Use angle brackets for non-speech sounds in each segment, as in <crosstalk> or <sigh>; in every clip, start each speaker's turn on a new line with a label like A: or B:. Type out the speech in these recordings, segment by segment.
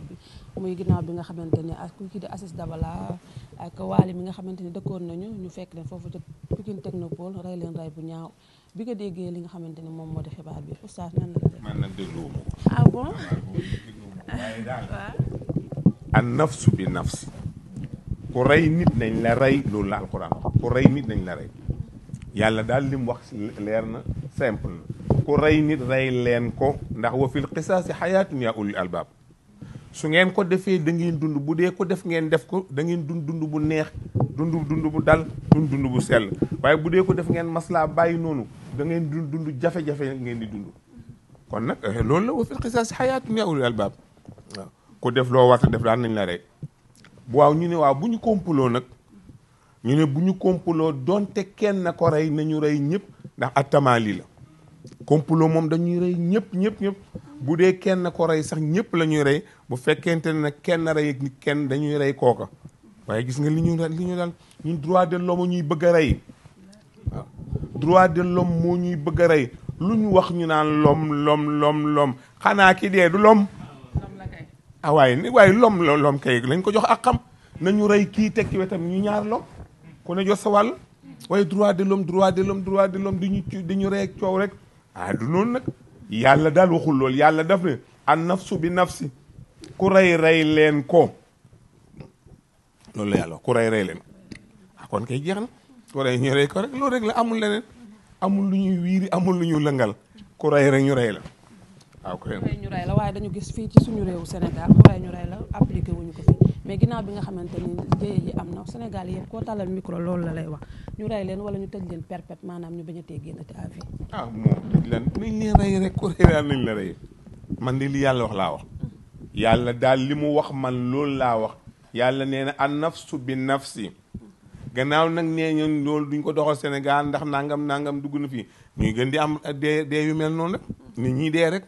A: tubaab bi muy ginnaaw bi nga xamante ne ak kii di Aziz Dabala ak Waly mi nga xamante ne dëkkoon nañu ñu fekk leen foofu ca Pikine Technopole rey leen rey bu ñaaw bi nga déggee li nga xamante ne moom moo di xibaar bi oustaz nan la def. man
B: nag dégluwuma ko.
A: ah bon. <laughs>
B: an nafsu bi nafsi ku rey nit nañ la rey loolu la alquran ku rey nit nañ la rey yàlla daal li mu wax leer na simple na ku rey nit rey leen ko ndax wa fil qisaasi xayaatun yaa ulil albaab su ngeen ko defee da ngeen dund bu dee ko def ngeen def ko da ngeen dund dund bu neex dund dund bu dal dund dund bu sell waaye bu dee ko def ngeen maslaa bàyyi noonu dangeen ngeen dund dund jafe-jafe ngeen di dund kon nag eh, loolu la wa fil qisaas xayaatun yaa ulil albaab waaw ku def loo war a nañ la rey bu waaw ñu ne waaw bu ñu kompuloo nag ñu ne bu ñu kompuloo donte kenn na ko rey nañu rey ñëpp ndax atamaali la complot moom dañuy rey ñëpp ñëpp ñëpp bu dee kenn ko rey sax ñëpp la ñuy rey bu fekkente ne nag kenn rey kenn dañuy rey kooka waaye gis nga li ñu li ñu daal ñun droit de l'homme ñuy bëgg rey waaw droit de l'homme ñuy bëgg a rey lu ñu wax ñu naan lom lom lom lom xanaa ki dee du lom ah waaye ni waaye lom lom kay lañ ko jox ak xam nañu rey kii tekki wetam ñu ñaar lom ku ne jox sa wàll waaye droit de l'homme droit de l'homme droit de l'homme di ñu di ñu rey ak coow rek ah du noonu nag yàlla daal waxul loolu yàlla daf ne an nafsu bi nafsi ku rey rey leen ko loolu la yàlla ku rey rey leen ko ah, kon kay jeex na ku ñu rey ko rek loolu rek la amul leneen amul lu ñuy wiiri amul lu ñuy lëngal ku rey rek ñu rey la waaw ah, ku ñu rey
A: la waaye dañu gis fii ci suñu réewu Sénégal ku rey ñu rey la appliqué wuñu ko fi mais ginnaaw bi xamante ni am na Sénégal yëpp koo tàllal micro loolu la lay wax leen wala ñu tëj leen perpète maanaam ñu bañ a tee génnati à vie ah moom
B: tëj man de li yàlla wax laa wax daal li mu wax man loolu laa wax yàlla nee na an nafsu bi nafsi gannaaw nag nee ñun loolu duñ ko doxal Sénégal ndax nangam nangam dugg na fii ñuy gën di am dee dee yu mel noonu rek nit ñi dee rek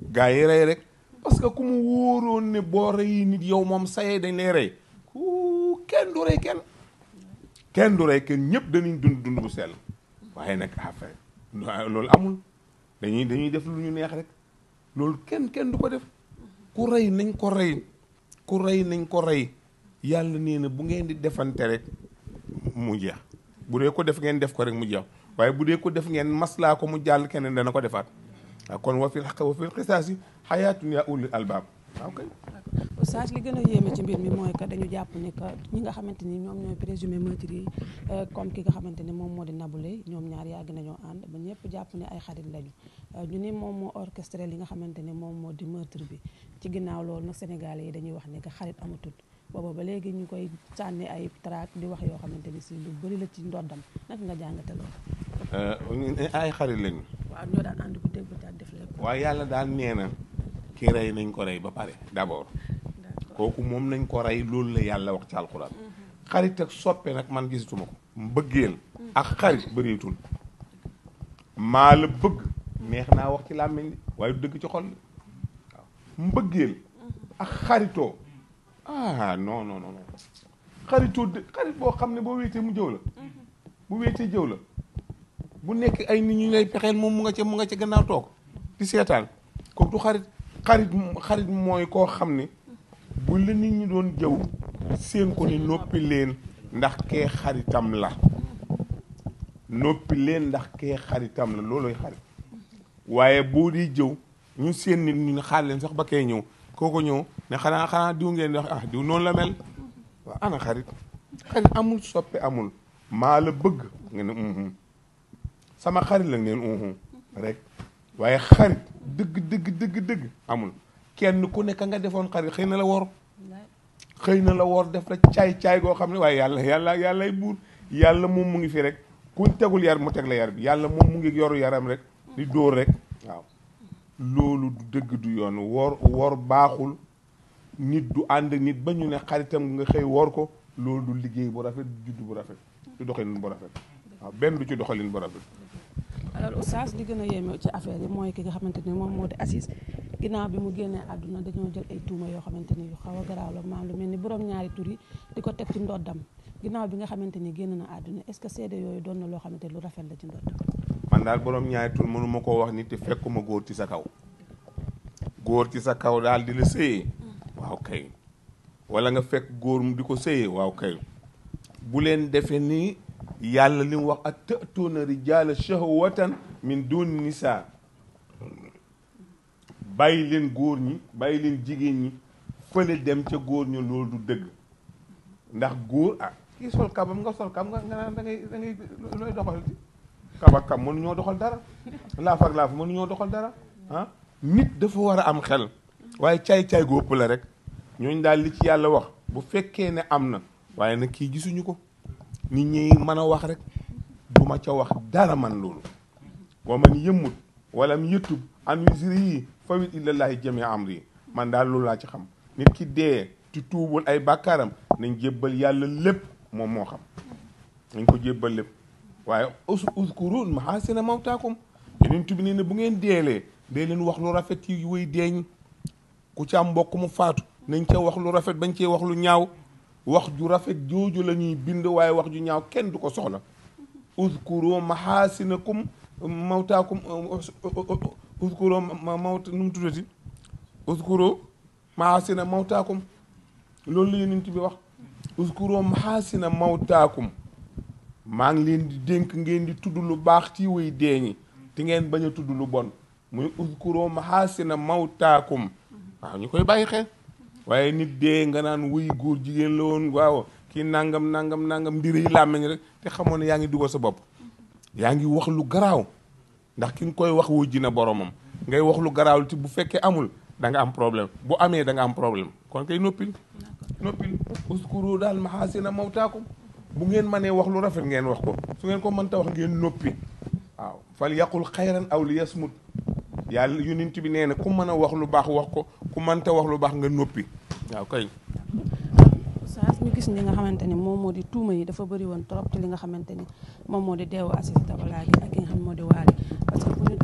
B: gaa yi rey rek parce que ku mu wóoroon ne boo rey nit yow moom sayee dañ lay rey ku kenn du rey kenn kenn du rey kenn ñëpp dañuy dund dund bu sell waaye nag affaire loolu amul dañuy dañuy def lu ñu neex rek loolu kenn kenn du ko def ku rey nañ ko rey ku rey nañ ko rey yàlla nee na bu ngeen di defante rek mu jeex bu dee ko def ngeen def ko rek mu jeex waaye bu dee ko def ngeen maslaa ko mu jàll keneen dana ko defaat waaw ah, kon wa fil xaq wa fil xisaas yi xayaatun yaa ulil albaab waaw ah, kay
A: oustaz li gën a yéeme ci mbir mi mooy que dañu jàpp ne que ñi nga xamante ni ñoom ñooy présumé meurtrier comme ki nga xamante ni moom moo di nabule ñoom ñaar yàgg nañoo ànd ba ñëpp jàpp ne ay xarit lañu euh, ñu ni moom moo orchestré li nga xamante ni moom moo di meurtre bi ci ginnaaw loolu nag sénégalais yi dañuy wax ne que xarit amatul booba ba léegi ñu koy sànni ay traak di wax yoo xamante ni si lu bëri la ci ndoddam nag nga jàngate loolu
B: euh, ay
A: waaw def lépp. waaye yàlla
B: daal nee na kii rey nañ ko rey ba pare d'abord. kooku moom nañ ko rey loolu la yàlla wax ci alxuraan. xarit ak soppe nag man gisatuma ko. mbëggeel ak xarit bëreetul. maa la bëgg neex wax ci làmmiñ li dëgg ci xol waaw mbëggeel ak xaritoo ah non xarit boo xam ne boo wéetee mu jëw la mm-hmm. bu wéetee jëw la bu nekk ay nit ñu lay pexeel moom mu nga ca mu nga ci gannaaw toog di seetaan kooku du xarit xarit xarit mooy koo xam ne bu la nit ñu doon jëw seen ko ni noppi leen ndax kee xaritam la noppi leen ndax kee xaritam la looloy xarit waaye boo di jëw ñu seen nit ñu xaal leen sax ba kee ñëw kooku ñëw ne xanaa xanaa diw ngeen wax ah diw noonu la mel waaw ana xarit xarit amul soppi amul maa la bëgg nga ne sama xarit la neen uhu rek waaye xarit dëgg dëgg dëgg dëgg amul kenn ku nekk nga defoon xarit xëy na la wor xëy na la wor def la caay-caay goo xam ne waaye yàlla yàlla yàlla buur yàlla moom mu ngi fi rek kuñ tegul yar mu teg la yar bi yàlla moom mu ngi yoru yaram rek di dóor rek waaw loolu du dëgg du yoon wor wor baaxul nit du ànd nit ba ñu ne xaritam nga xëy wor ko loolu du liggéey bu rafet du judd bu rafet bu rafet waaw benn du
A: alors oustaz li gën a yéeme ci affaire yi mooy ki nga xamante ni moom moo di assis ginnaaw bi mu génnee àdduna dañoo jël ay tuuma yoo xamante ni yu xaw a garaaw la maam lu mel ni borom ñaari tur yi di ko teg ci ndoddam ginnaaw bi nga xamante ni génn na àdduna est-ce yooyu doon loo xamante ni lu rafet la ci ndoddam
B: man daal boroom ñaari tur mënuma ko koo wax ni te fekkuma góor ci sa kaw góor ci sa kaw daal di la sëyee waaw kay wala nga fekk góor mu di ko sëyee waaw kay bu yàlla lim wax wax ak tëtuuna rijaala shahwatan min dun saa bàyyi leen góor ñi bàyyi leen jigéen ñi fële dem ca góor ña loolu du dëgg ndax góor ah kii sol kabam nga sol kam nga nga naan da ngay da looy doxal di kaba kam mënu ñoo doxal dara laaf ak laaf mënu ñoo doxal dara ah nit dafa war a am xel waaye cay cay gu ëpp la rek ñooñu daal li ci yàlla wax bu fekkee ne am na waaye nag kii gisuñu ko nit ñi mën a wax rek bu ma ca wax dara man loolu wa man yëmmut wala mu yëttub an wisri yi fawit illallaahi jami amri man daal loolu laa ci xam nit ki dee ci tuubul ay bàkkaaram nañ jébbal yàlla lépp moom moo xam nañ ko jébbal lépp waaye us uskuru mahasina mawtaakum yonent bi nee ne bu ngeen deelee dee leen wax lu rafet yi way deeñ ku ci am mbokk mu faatu nañ ca wax lu rafet bañ cee wax lu ñaaw wax ju rafet jooju la ñuy bind waaye wax ju ñaaw kenn du ko soxla uzkuru mahaasinakum mawtaakum uzkuru mawt nu mu tuddati uzkuru mahaasina mawtaakum loolu la yonent bi wax uzkuru mahaasina mawtaakum maa ngi leen di dénk ngeen di tudd lu baax ci way deeñi te ngeen bañ tudd lu bon muy uzkuru mahaasina mawtaakum waaw ñu koy bàyyi xel waaye nit dee nga naan wuy góor jigéen la woon waaw kii nangam nangam nangam mbiri yi ngi rek te xamoon ne yaa ngi dugal sa bopp yaa ngi wax lu garaaw ndax ki nga koy wax wu ji na boromam ngay wax lu garaaw ci bu fekkee amul da nga am problème bu amee danga am problème kon kay noppil noppil uskuru daal maxaasina bu ngeen mënee wax lu rafet ngeen wax ko su ngeen ko mënta wax ngeen noppi waaw fal yaqul xayran aw li yasmut yàlla yonent bi nee na ku mën a wax lu baax wax ko ku mënta wax lu baax nga noppi waaw kay
A: oustaz ñu gis ni nga xamante ni moom moo di tuuma yi dafa bëri woon trop ci li nga xamante ni moom moo di deewu Aziz Dabala gi ak ki nga xam moo di waale parce que bu ñu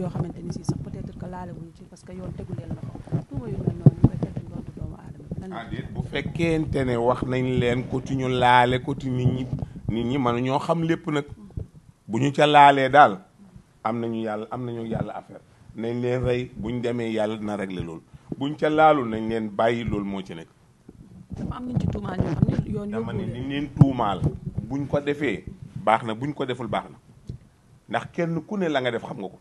A: yoo xamante ni si sax peut être que laale wuñu ci parce que yoon tegu leen la ko tuuma yu mel noonu ñu koy tegu
B: doomu aadama ah déet bu fekkente ne wax nañ leen ko ñu laale ko ci ñi nit ñi mënu ñoo xam lépp nag bu ñu ca laalee daal am nañu yàlla am nañu yàlla affaire nañ leen rey buñ demee yàlla na dina régler lool buñ ca laalu nañ leen bàyyi loolu moo ci nekk.
A: dafa am ñu ci tuumaal ne yoon dama
B: ne buñ ko defee baax na buñ ko deful baax na ndax kenn ku ne la nga def xam nga ko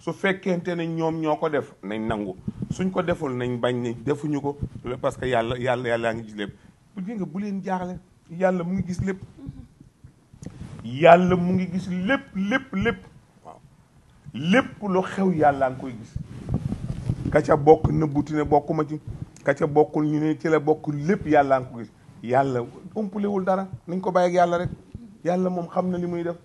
B: su fekkente ne ñoom ñoo ko def nañ nangu suñ ko deful nañ bañ ne defuñu ko parce que yàlla yàlla yàlla ngi gis lépp bu nga bu leen jaaxle yàlla mu ngi gis lépp yàlla mu ngi gis lépp lépp lépp lépp lu xew yàlla nga koy gis ka ca bokk nëbbuti ne bokkuma ci ka ca bokkul ñu ne ci la bokk lépp yàlla nga ko gis yàlla umpulewul dara nañ ko bàyyi ak yàlla rek yàlla moom xam na li muy def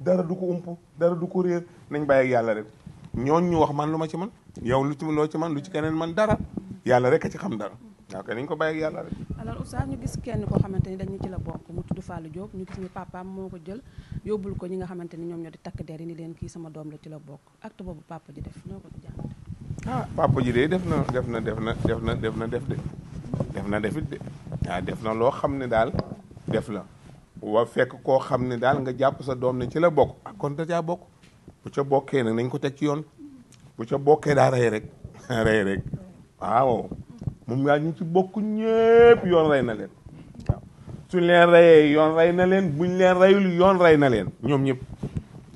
B: dara du ko ump dara du ko réer nañ bàyyi ak yàlla rek ñooñ ñu wax man lu ma ci man yow lu ci loo ci man lu ci keneen man dara yàlla rek a ci xam dara waaw kay nañu ko bàyyi yàlla rek.
A: alors ñu gis kenn koo xamante ni dañu ci la bokk mu tudd Fallou Diop ñu gis ni papaam moo ko jël yóbbul ko ñi nga xamante ni ñoom ñoo di takk der yi ni leen kii sama doom la ci la bokk acte boobu papa ji def noo ko ah, ji de
B: def na def na def na def na def na def def na defit de ah, def na loo xam ne daal def la wa fekk koo xam ne daal nga jàpp sa doom ci la bokk ak ah, kon da bokk bu ca bokkee nag nañ ko teg ci yoon bu ca bokkee daa rey rek <laughs> rey rek waaw. moom yaa ñu ci bokk ñépp yoon rey na leen waaw suñ leen reyee yoon rey na leen buñ leen reyul yoon rey na leen ñoom ñëpp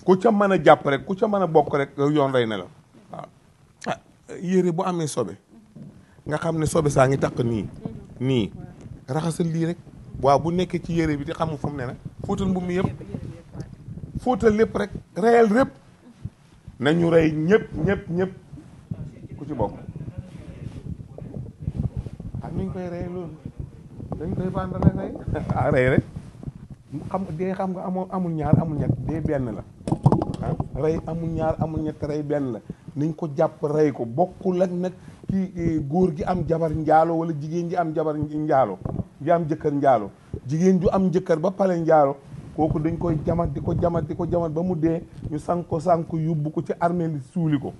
B: ku ca mën a jàpp rek ku ca mën a bokk rek yoon rey na la waaw ah, yére bu amee sobe nga xam ne sobe saa ngi takk nii nii raxasal lii rek waaw bu nekkee ci yére bi di xamu fu ne nag fóotal mbubb yëpp fóotal lépp rek reyal lépp ñu rey ñépp ñëpp ñëpp ku ci bokk ñu koy rey loolu dañ koy bandale rey <laughs> ah, rey rek xam dee xam nga amoo amul ñaar amul ñett dee benn la ah amul ñaar amul ñett benn la nañ ko jàpp rey ko bokku lag nag ki eh, góor gi am jabar njaalo wala jigéen ji am jabar njaalo ji am jëkkër njaalo jigéen ju am njëkkër ba pale njaalo kooku dañ koy jamat di ko jamat di ko jamat ba mu dee ñu sank ko sank yóbbu ko ci armeel li suuli ko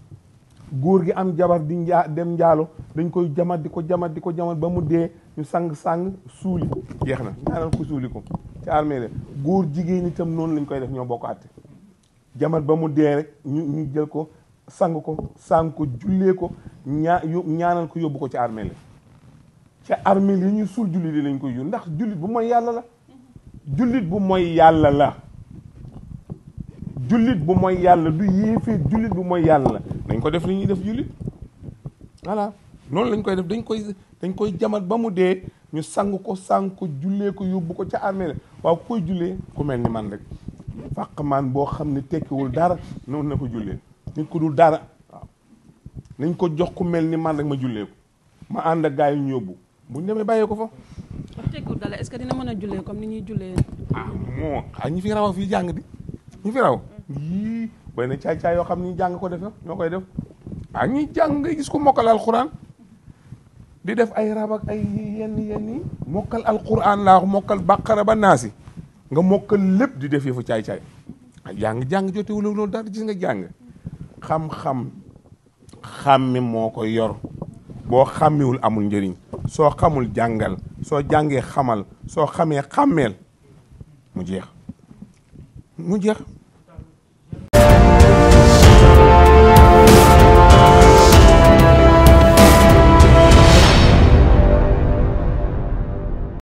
B: góor gi am jabar di njaa dem njaalo dañ koy jamat di ko jamat di ko jamat ba mu dee ñu sang-sang suuli jeex na ñaanal ko suuli ko ci armée la góor jigéen itam noonu lañ koy def ñoo bokk àtte jamat ba mu dee rek ñu ñu jël ko sang ko sang ko jullee ko ñaa ñaanal ko yóbbu ko ci armée la ca yi ñu ñuy suul jullit yi lañ koy yóbbu ndax jullit bu mooy yàlla la jullit bu mooy yàlla la jullit bu mooy yàlla du yéefee jullit bu mooy yàlla la dañ ko def li ñuy def jullit voilà noonu lañ koy def dañ koy dañ koy jamat ba mu dee ñu sang ko sang ko jullee ko yóbbu ko ca armée waaw ku koy jullee ku mel ni man rek fàq boo xam ne tekkiwul dara noonu na ko jullee nit ko dul dara waaw ko jox ku mel ni man rek ma jullee ko ma ànd ak gars yi ñu yóbbu buñ demee bàyyee ko fa.
A: ba tekkiwul dara est-ce dina mën a jullee comme ni ñuy jullee. ah
B: moo ah ñi fi raw a jàng di ñi fi raw mm. bëri na caay-caay yoo xam ni jàng ko def ñoo koy def ah ñuy jàng ngay gis ko mokkal alquran di def ay rab ak ay yenn yenn mokkal alquran laa mokkal bàqara ba naasi nga mokkal lépp di def yëfu caay-caay jàng jàng jotewul loolu daal gis nga jàng xam-xam xàmmi moo ko yor boo xàmmiwul amul njëriñ soo xamul jàngal soo jàngee xamal soo xamee xàmmeel mu jeex mu jeex